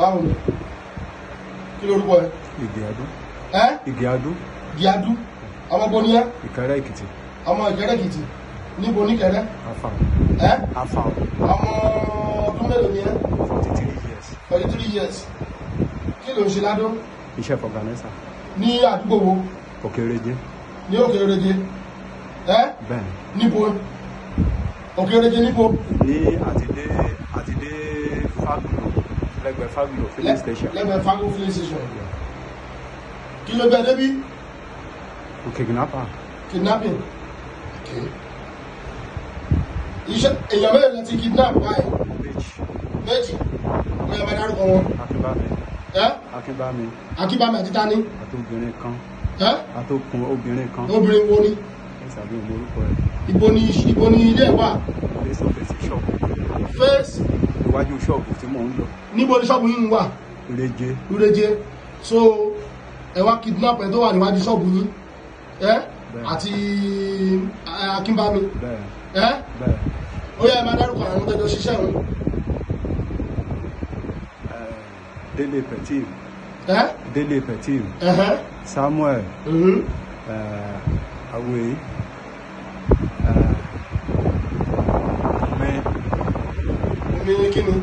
báwo ni kí lorúkọ ẹ. ìgè adú. ẹ ìgè adú. ìgè adú ọmọ bo ni ẹ. ìkẹrẹ èkìtì. ọmọ ìkẹrẹ èkìtì níbo ní kẹrẹ. afaw. ẹ afaw. ọmọ ọdún mélòó ni ẹ. forty three years. forty three years kí ló ń ṣe ládó. iṣẹ́ fọ̀gánẹ́sà. ní àdúgbò wo. òkèrèje. ní òkèrèje. ẹ. bẹ́ẹ̀. níbo òkèrèje níbo. ní àti ẹgbẹ̀fágùlò filling station. lẹ́gbẹ̀fágùlò filling station. kí ló bẹ débi. òkè kidnapper. kidnapping. ok. iṣẹ́ èèyàn mẹ́rin lọ ti kidnap báyìí. méjì. méjì. mo yẹ bá dárúkọ wọn. akínbámi. ẹ. akínbámi. akínbámi àti tani. àti obìnrin kan. ẹ. àti obìnrin kan. obìnrin wo ni. ẹ sàbí òmò orúkọ rẹ. ibo ni ibo ni ilé ẹ wà iwájú ṣọ́ọ̀bù tí mò ń lọ. níbo ni ṣọ́ọ̀bù yín wà. lóreje. lóreje so ẹ wá kidnap ẹ tó wà níwájú ṣọ́ọ̀bù yín ẹ àti akínbámi ẹ ó yẹ ẹ máa dárúkọ àwọn tó jọ ṣiṣẹ́ wọn. délé petit délé petit samuel awe. Uh, gerekeni